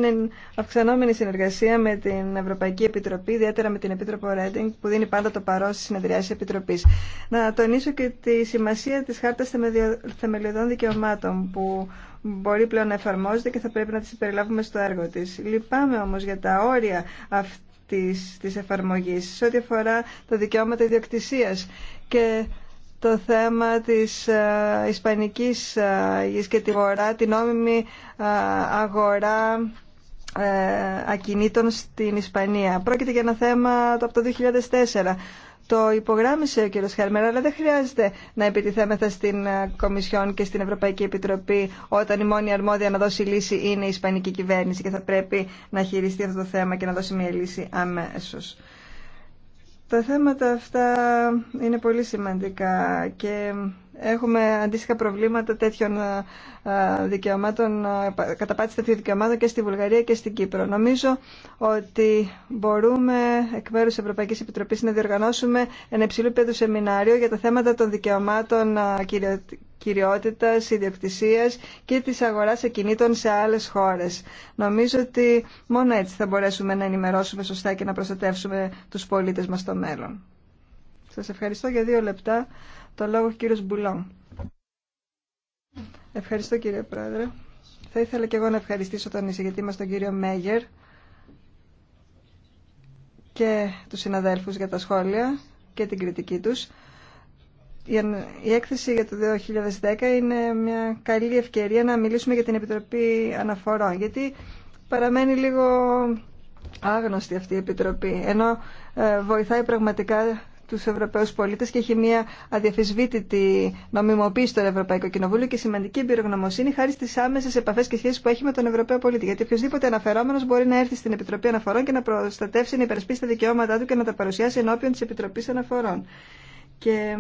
αυξανόμενη συνεργασία με την Ευρωπαϊκή Επιτροπή, ιδιαίτερα με την Επίτροπο Ρέντινγκ, που δίνει πάντα το παρόν στις συνεδριάσεις Επιτροπής. Να τονίσω και τη σημασία της Χάρτας Θεμελιωδών Δικαιωμάτων, που μπορεί πλέον να εφαρμόζεται και θα πρέπει να τη περιλάβουμε στο έργο της. Λυπάμαι όμως για τα όρια αυτή της, της εφαρμογής σε ό,τι αφορά τα δικαιώματα ιδιοκτησίας και το θέμα της α, ε, ισπανικής ε, και τη αγορά, την νόμιμη α, ε, αγορά ακινήτων στην Ισπανία. Πρόκειται για ένα θέμα από το 2004 το υπογράμμισε ο κ. Χέρμερ, αλλά δεν χρειάζεται να επιτιθέμεθα στην ε, Κομισιόν και στην Ευρωπαϊκή Επιτροπή όταν η μόνη αρμόδια να δώσει λύση είναι η Ισπανική κυβέρνηση και θα πρέπει να χειριστεί αυτό το θέμα και να δώσει μια λύση αμέσω. Τα θέματα αυτά είναι πολύ σημαντικά και έχουμε αντίστοιχα προβλήματα τέτοιων ε, ε, δικαιωμάτων, ε, καταπάτηση τέτοιων δικαιωμάτων και στη Βουλγαρία και στην Κύπρο. Νομίζω ότι μπορούμε εκ μέρου τη Ευρωπαϊκή Επιτροπή να διοργανώσουμε ένα υψηλού επίπεδου σεμινάριο για τα θέματα των δικαιωμάτων κυριότητα, ιδιοκτησία και τη αγορά ακινήτων σε άλλε χώρε. Νομίζω ότι μόνο έτσι θα μπορέσουμε να ενημερώσουμε σωστά και να προστατεύσουμε του πολίτε μα στο μέλλον. Σας ευχαριστώ για δύο λεπτά. Το λόγο ο κύριος Μπουλόν. Ευχαριστώ κύριε Πρόεδρε. Θα ήθελα και εγώ να ευχαριστήσω τον εισηγητή μας τον κύριο Μέγερ και τους συναδέλφους για τα σχόλια και την κριτική τους. Η έκθεση για το 2010 είναι μια καλή ευκαιρία να μιλήσουμε για την Επιτροπή Αναφορών, γιατί παραμένει λίγο άγνωστη αυτή η Επιτροπή, ενώ ε, βοηθάει πραγματικά του Ευρωπαίου πολίτε και έχει μια αδιαφεσβήτητη νομιμοποίηση στο Ευρωπαϊκό Κοινοβούλιο και σημαντική εμπειρογνωμοσύνη χάρη στι άμεσε επαφέ και σχέσει που έχει με τον Ευρωπαίο πολίτη. Γιατί οποιοδήποτε αναφερόμενο μπορεί να έρθει στην Επιτροπή Αναφορών και να προστατεύσει, να υπερασπίσει τα δικαιώματά του και να τα παρουσιάσει ενώπιον της Επιτροπής Αναφορών. Και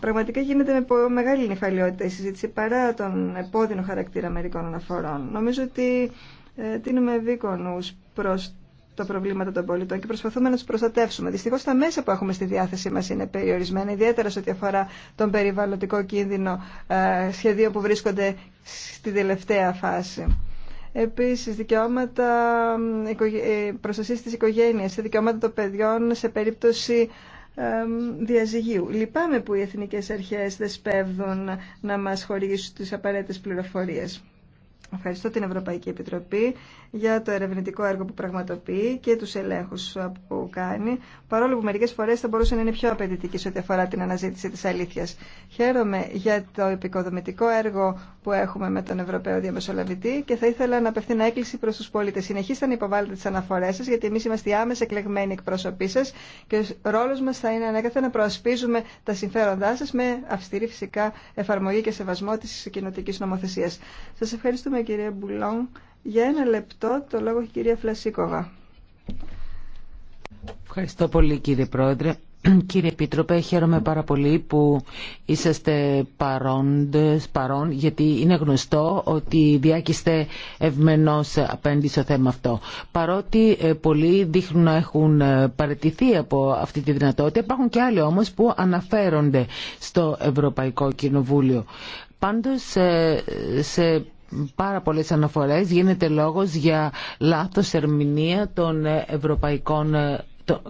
Πραγματικά γίνεται με μεγάλη νυφαλιότητα η συζήτηση παρά τον επώδυνο χαρακτήρα μερικών αναφορών. Νομίζω ότι ε, τίνουμε δίκονους προς τα προβλήματα των πολιτών και προσπαθούμε να του προστατεύσουμε. Δυστυχώ τα μέσα που έχουμε στη διάθεσή μα είναι περιορισμένα, ιδιαίτερα σε ό,τι αφορά τον περιβαλλοντικό κίνδυνο ε, σχεδίων που βρίσκονται στη τελευταία φάση. Επίσης, δικαιώματα ε, ε, προστασίας της οικογένειας, δικαιώματα των παιδιών σε περίπτωση διαζυγίου. Λυπάμαι που οι εθνικές αρχές δεσπεύδουν να μας χορηγήσουν τις απαραίτητες πληροφορίες. Ευχαριστώ την Ευρωπαϊκή Επιτροπή για το ερευνητικό έργο που πραγματοποιεί και τους ελέγχους που κάνει, παρόλο που μερικές φορές θα μπορούσε να είναι πιο απαιτητική σε ό,τι αφορά την αναζήτηση της αλήθειας. Χαίρομαι για το επικοδομητικό έργο που έχουμε με τον Ευρωπαίο Διαμεσολαβητή και θα ήθελα να απευθύνω έκκληση προς τους πολίτες. Συνεχίστε να υποβάλλετε τις αναφορές σας, γιατί εμείς είμαστε οι άμεσα εκλεγμένοι εκπρόσωποι σα και ο ρόλος μας θα είναι ανέκαθεν να προασπίζουμε τα συμφέροντά με αυστηρή φυσικά εφαρμογή και σεβασμό της κοινοτικής νομοθεσίας. Σας ευχαριστούμε κυρία Μπουλόν. Για ένα λεπτό το λόγο έχει η κυρία Φλασίκοβα. Ευχαριστώ πολύ κύριε Πρόεδρε. Κύριε Επίτροπε, χαίρομαι πάρα πολύ που είσαστε παρόντες, παρόν, γιατί είναι γνωστό ότι διάκειστε ευμενώς απέναντι στο θέμα αυτό. Παρότι ε, πολλοί δείχνουν να έχουν ε, παραιτηθεί από αυτή τη δυνατότητα, υπάρχουν και άλλοι όμως που αναφέρονται στο Ευρωπαϊκό Κοινοβούλιο. Πάντως, ε, σε πάρα πολλές αναφορές γίνεται λόγος για λάθος ερμηνεία των ευρωπαϊκών ε,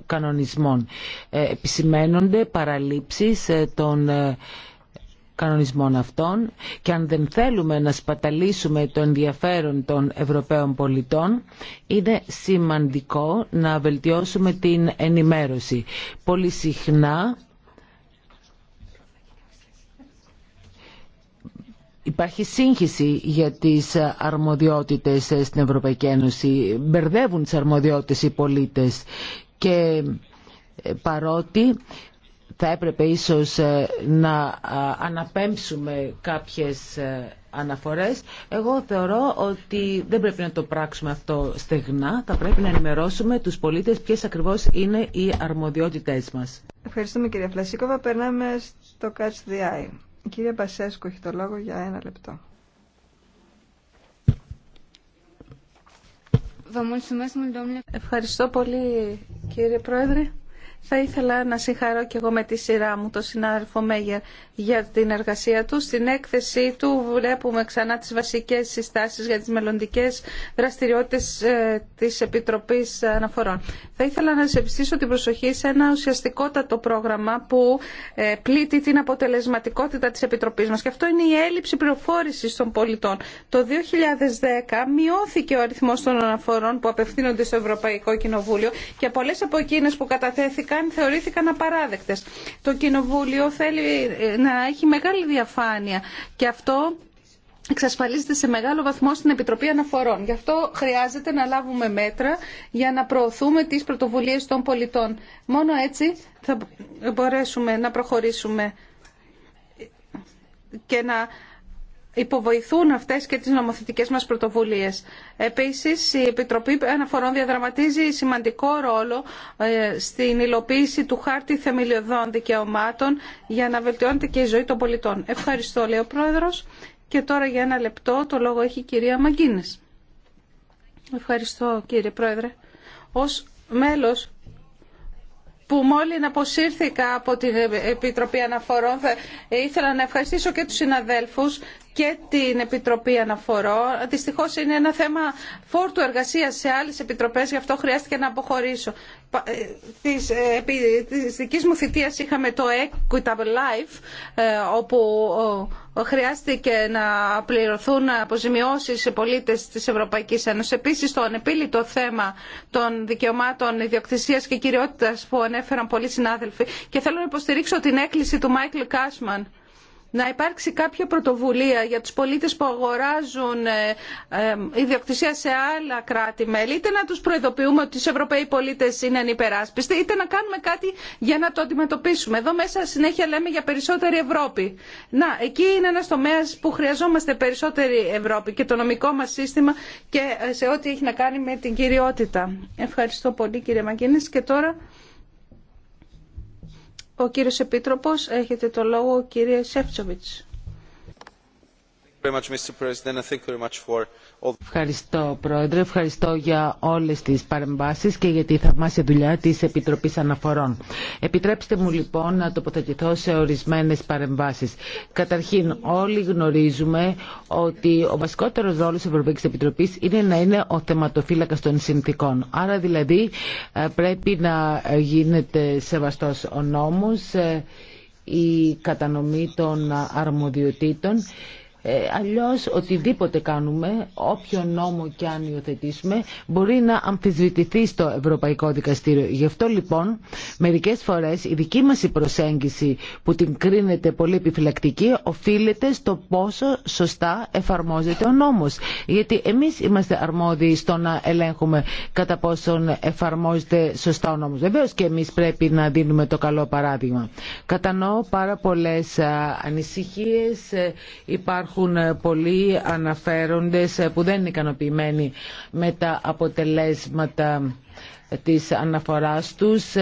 κανονισμών. Ε, Επισημένονται παραλήψεις ε, των κανονισμών αυτών και αν δεν θέλουμε να σπαταλήσουμε το ενδιαφέρον των Ευρωπαίων πολιτών είναι σημαντικό να βελτιώσουμε την ενημέρωση. Πολύ συχνά Υπάρχει σύγχυση για τις αρμοδιότητες στην Ευρωπαϊκή Ένωση. Μπερδεύουν τις αρμοδιότητες οι πολίτες και ε, παρότι θα έπρεπε ίσως ε, να αναπέμψουμε κάποιες ε, αναφορές. Εγώ θεωρώ ότι δεν πρέπει να το πράξουμε αυτό στεγνά. Θα πρέπει να ενημερώσουμε τους πολίτες ποιες ακριβώς είναι οι αρμοδιότητές μας. Ευχαριστούμε κυρία Φλασίκοβα. Περνάμε στο Catch the η κυρία Μπασέσκου έχει το λόγο για ένα λεπτό. Ευχαριστώ πολύ κύριε Πρόεδρε. Θα ήθελα να συγχαρώ και εγώ με τη σειρά μου τον συνάδελφο Μέγερ για την εργασία του. Στην έκθεσή του βλέπουμε ξανά τις βασικές συστάσεις για τις μελλοντικέ δραστηριότητες ε, της Επιτροπής Αναφορών. Θα ήθελα να σε ευστήσω την προσοχή σε ένα ουσιαστικότατο πρόγραμμα που ε, πλήττει την αποτελεσματικότητα της Επιτροπής μας. Και αυτό είναι η έλλειψη πληροφόρηση των πολιτών. Το 2010 μειώθηκε ο αριθμός των αναφορών που απευθύνονται στο Ευρωπαϊκό Κοινοβούλιο και πολλές από εκείνες που καταθέθηκαν αν θεωρήθηκαν απαράδεκτες. Το Κοινοβούλιο θέλει ε, να έχει μεγάλη διαφάνεια και αυτό εξασφαλίζεται σε μεγάλο βαθμό στην Επιτροπή Αναφορών. Γι' αυτό χρειάζεται να λάβουμε μέτρα για να προωθούμε τις πρωτοβουλίες των πολιτών. Μόνο έτσι θα μπορέσουμε να προχωρήσουμε και να υποβοηθούν αυτές και τις νομοθετικές μας πρωτοβουλίες. Επίσης, η Επιτροπή Αναφορών διαδραματίζει σημαντικό ρόλο ε, στην υλοποίηση του χάρτη θεμελιωδών δικαιωμάτων για να βελτιώνεται και η ζωή των πολιτών. Ευχαριστώ, λέει ο Πρόεδρος. Και τώρα για ένα λεπτό το λόγο έχει η κυρία Μαγκίνες. Ευχαριστώ, κύριε Πρόεδρε. Ως μέλος που μόλι αποσύρθηκα από την Επιτροπή Αναφορών ήθελα να ευχαριστήσω και τους συναδέλφους και την Επιτροπή Αναφορών. Δυστυχώ είναι ένα θέμα φόρτου εργασία σε άλλε επιτροπέ, γι' αυτό χρειάστηκε να αποχωρήσω. Ε, τη ε, δική μου θητεία είχαμε το Equitable Life, ε, όπου χρειάστηκε να πληρωθούν αποζημιώσει σε πολίτε τη Ευρωπαϊκή Ένωση. Επίση, το ανεπίλητο θέμα των δικαιωμάτων ιδιοκτησία και κυριότητα που ανέφεραν πολλοί συνάδελφοι. Και θέλω να υποστηρίξω την έκκληση του Μάικλ Κάσμαν να υπάρξει κάποια πρωτοβουλία για τους πολίτες που αγοράζουν ε, ε, ιδιοκτησία σε άλλα κράτη-μέλη, είτε να τους προειδοποιούμε ότι οι Ευρωπαίοι πολίτες είναι ανυπεράσπιστοι, είτε να κάνουμε κάτι για να το αντιμετωπίσουμε. Εδώ μέσα συνέχεια λέμε για περισσότερη Ευρώπη. Να, εκεί είναι ένας τομέας που χρειαζόμαστε περισσότερη Ευρώπη και το νομικό μας σύστημα και ε, σε ό,τι έχει να κάνει με την κυριότητα. Ευχαριστώ πολύ κύριε Μαγκίνης και τώρα... Ο κύριος Επίτροπος, έχετε το λόγο, κύριε Σεφτσοβιτς. Ευχαριστώ Πρόεδρε, ευχαριστώ για όλες τις παρεμβάσεις και για τη θαυμάσια δουλειά της Επιτροπής Αναφορών. Επιτρέψτε μου λοιπόν να τοποθετηθώ σε ορισμένες παρεμβάσεις. Καταρχήν όλοι γνωρίζουμε ότι ο βασικότερος ρόλος της Ευρωπαϊκής Επιτροπής είναι να είναι ο θεματοφύλακας των συνθήκων. Άρα δηλαδή ε, πρέπει να ε, γίνεται σεβαστός ο νόμος, ε, η κατανομή των αρμοδιοτήτων ε, αλλιώς οτιδήποτε κάνουμε, όποιο νόμο και αν υιοθετήσουμε, μπορεί να αμφισβητηθεί στο Ευρωπαϊκό Δικαστήριο. Γι' αυτό λοιπόν μερικές φορές η δική μας η προσέγγιση που την κρίνεται πολύ επιφυλακτική οφείλεται στο πόσο σωστά εφαρμόζεται ο νόμος. Γιατί εμείς είμαστε αρμόδιοι στο να ελέγχουμε κατά πόσον εφαρμόζεται σωστά ο νόμος. Βεβαίως και εμείς πρέπει να δίνουμε το καλό παράδειγμα. Κατανοώ πάρα πολλέ ε, ανησυχίες, ε, υπάρχουν Υπάρχουν ε, πολλοί αναφέροντες ε, που δεν είναι ικανοποιημένοι με τα αποτελέσματα ε, της αναφοράς τους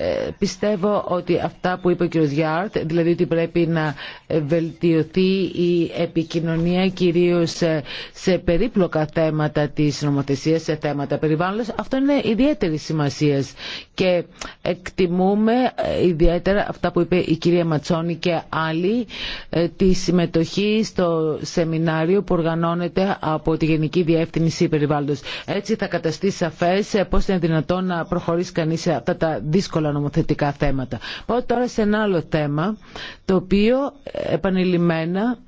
ε, πιστεύω ότι αυτά που είπε ο κ. Γιάρτ, δηλαδή ότι πρέπει να βελτιωθεί η επικοινωνία κυρίως σε περίπλοκα θέματα της νομοθεσίας, σε θέματα περιβάλλοντος, αυτό είναι ιδιαίτερη σημασία. Και εκτιμούμε ε, ιδιαίτερα αυτά που είπε η κυρία Ματσόνη και άλλοι, ε, τη συμμετοχή στο σεμινάριο που οργανώνεται από τη Γενική Διεύθυνση Περιβάλλοντος. Έτσι θα καταστεί σαφές πώς είναι δυνατόν να προχωρήσει κανείς σε αυτά τα δύσκολα άλλα νομοθετικά θέματα. Πάω τώρα σε ένα άλλο θέμα, το οποίο επανειλημμένα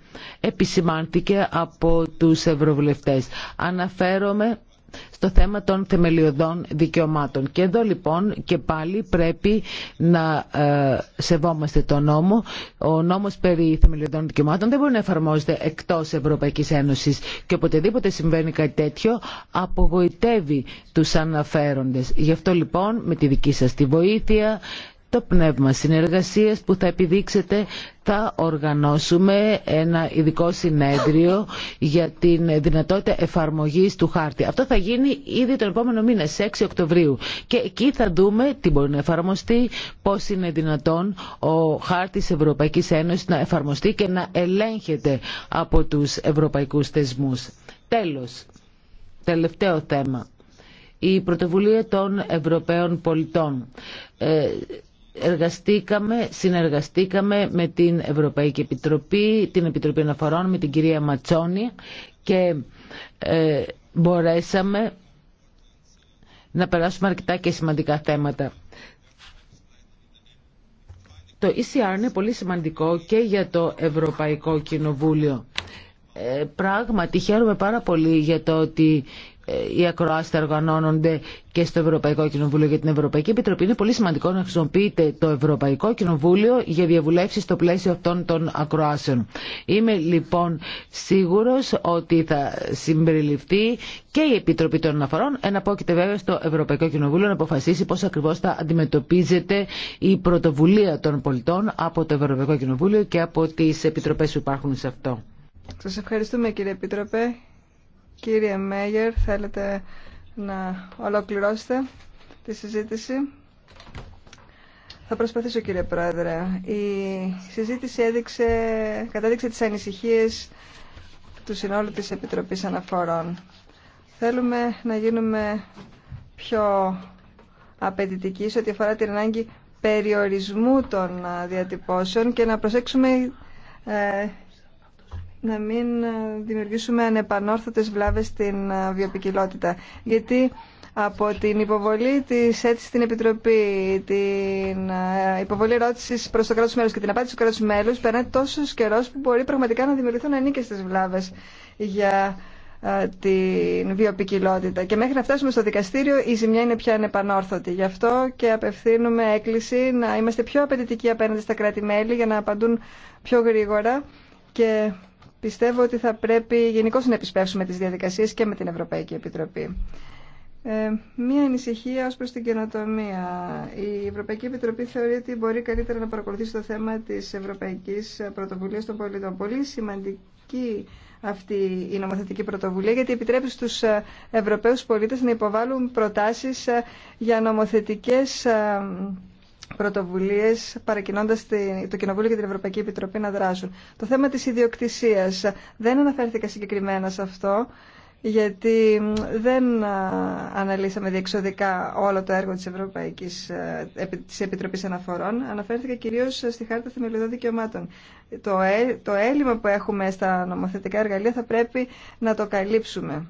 επισημάνθηκε από τους ευρωβουλευτές. Αναφέρομαι στο θέμα των θεμελιωδών δικαιωμάτων. Και εδώ λοιπόν και πάλι πρέπει να ε, σεβόμαστε τον νόμο. Ο νόμος περί θεμελιωδών δικαιωμάτων δεν μπορεί να εφαρμόζεται εκτός Ευρωπαϊκής Ένωσης και οποτεδήποτε συμβαίνει κάτι τέτοιο απογοητεύει τους αναφέροντες. Γι' αυτό λοιπόν με τη δική σας τη βοήθεια το πνεύμα συνεργασίας που θα επιδείξετε θα οργανώσουμε ένα ειδικό συνέδριο για την δυνατότητα εφαρμογής του χάρτη. Αυτό θα γίνει ήδη τον επόμενο μήνα, 6 Οκτωβρίου. Και εκεί θα δούμε τι μπορεί να εφαρμοστεί, πώς είναι δυνατόν ο χάρτης Ευρωπαϊκής Ένωσης να εφαρμοστεί και να ελέγχεται από τους ευρωπαϊκούς θεσμούς. Τέλος, τελευταίο θέμα. Η πρωτοβουλία των Ευρωπαίων πολιτών. Ε, εργαστήκαμε, συνεργαστήκαμε με την Ευρωπαϊκή Επιτροπή, την Επιτροπή Αναφορών, με την κυρία Ματσόνη και ε, μπορέσαμε να περάσουμε αρκετά και σημαντικά θέματα. Το ECR είναι πολύ σημαντικό και για το Ευρωπαϊκό Κοινοβούλιο. Ε, πράγματι χαίρομαι πάρα πολύ για το ότι οι ακροάσει θα οργανώνονται και στο Ευρωπαϊκό Κοινοβούλιο για την Ευρωπαϊκή Επιτροπή. Είναι πολύ σημαντικό να χρησιμοποιείτε το Ευρωπαϊκό Κοινοβούλιο για διαβουλεύσει στο πλαίσιο αυτών των ακροάσεων. Είμαι λοιπόν σίγουρο ότι θα συμπεριληφθεί και η Επιτροπή των Αναφορών. Εναπόκειται βέβαια στο Ευρωπαϊκό Κοινοβούλιο να αποφασίσει πώ ακριβώ θα αντιμετωπίζεται η πρωτοβουλία των πολιτών από το Ευρωπαϊκό Κοινοβούλιο και από τι επιτροπέ που υπάρχουν σε αυτό. Σα ευχαριστούμε κύριε Επίτροπε. Κύριε Μέγερ, θέλετε να ολοκληρώσετε τη συζήτηση. Θα προσπαθήσω κύριε Πρόεδρε. Η συζήτηση έδειξε, κατέδειξε τις ανησυχίες του συνόλου της Επιτροπής Αναφορών. Θέλουμε να γίνουμε πιο απαιτητικοί σε ό,τι αφορά την ανάγκη περιορισμού των διατυπώσεων και να προσέξουμε ε, να μην ε, δημιουργήσουμε ανεπανόρθωτες βλάβες στην ε, βιοπικιλότητα. Γιατί από την υποβολή της αίτησης στην Επιτροπή, την ε, υποβολή ερώτηση προς το κράτος μέλος και την απάντηση του κράτους μέλους, περνάει τόσο καιρό που μπορεί πραγματικά να δημιουργηθούν ανίκες βλάβες για την βιοπικιλότητα. Και μέχρι να φτάσουμε στο δικαστήριο η ζημιά είναι πια ανεπανόρθωτη. Γι' αυτό και απευθύνουμε έκκληση να είμαστε πιο απαιτητικοί απέναντι στα κράτη-μέλη για να απαντούν πιο γρήγορα και πιστεύω ότι θα πρέπει γενικώ να επισπεύσουμε τις διαδικασίες και με την Ευρωπαϊκή Επιτροπή. Ε, μία ανησυχία ως προς την καινοτομία. Η Ευρωπαϊκή Επιτροπή θεωρεί ότι μπορεί καλύτερα να παρακολουθήσει το θέμα της Ευρωπαϊκής Πρωτοβουλίας των Πολιτών. Πολύ σημαντική αυτή η νομοθετική πρωτοβουλία γιατί επιτρέπει στους ε, Ευρωπαίους πολίτες να υποβάλουν προτάσεις ε, για νομοθετικές ε, πρωτοβουλίε, παρακινώντα το Κοινοβούλιο και την Ευρωπαϊκή Επιτροπή να δράσουν. Το θέμα τη ιδιοκτησία. Δεν αναφέρθηκα συγκεκριμένα σε αυτό, γιατί δεν αναλύσαμε διεξοδικά όλο το έργο τη Ευρωπαϊκή της ε, Επιτροπή Αναφορών. Αναφέρθηκα κυρίω στη Χάρτα Θεμελιωδών Δικαιωμάτων. Το, ε, το έλλειμμα που έχουμε στα νομοθετικά εργαλεία θα πρέπει να το καλύψουμε.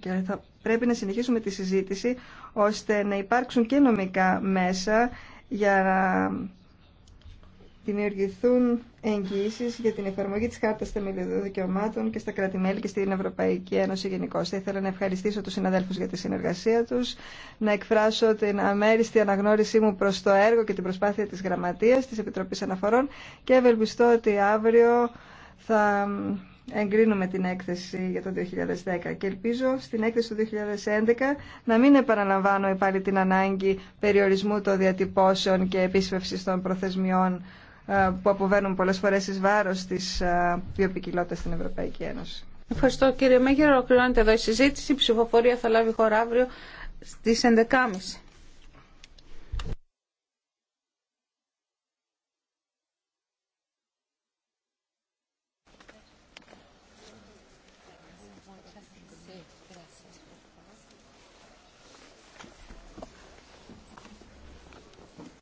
Και θα πρέπει να συνεχίσουμε τη συζήτηση ώστε να υπάρξουν και νομικά μέσα για να δημιουργηθούν εγγύησεις για την εφαρμογή της Χάρτας Θεμελιωδών Δικαιωμάτων και στα κράτη-μέλη και στην Ευρωπαϊκή Ένωση γενικώ. Θα ήθελα να ευχαριστήσω τους συναδέλφους για τη συνεργασία τους, να εκφράσω την αμέριστη αναγνώρισή μου προς το έργο και την προσπάθεια της Γραμματείας, της Επιτροπής Αναφορών και ευελπιστώ ότι αύριο θα εγκρίνουμε την έκθεση για το 2010 και ελπίζω στην έκθεση του 2011 να μην επαναλαμβάνω πάλι την ανάγκη περιορισμού των διατυπώσεων και επίσπευσης των προθεσμιών ε, που αποβαίνουν πολλές φορές εις βάρος της ε, βιοπικιλότητας στην Ευρωπαϊκή Ένωση. Ευχαριστώ κύριε Μέγερο. Ολοκληρώνεται εδώ η συζήτηση. Η ψηφοφορία θα λάβει χώρα αύριο στις 11.30.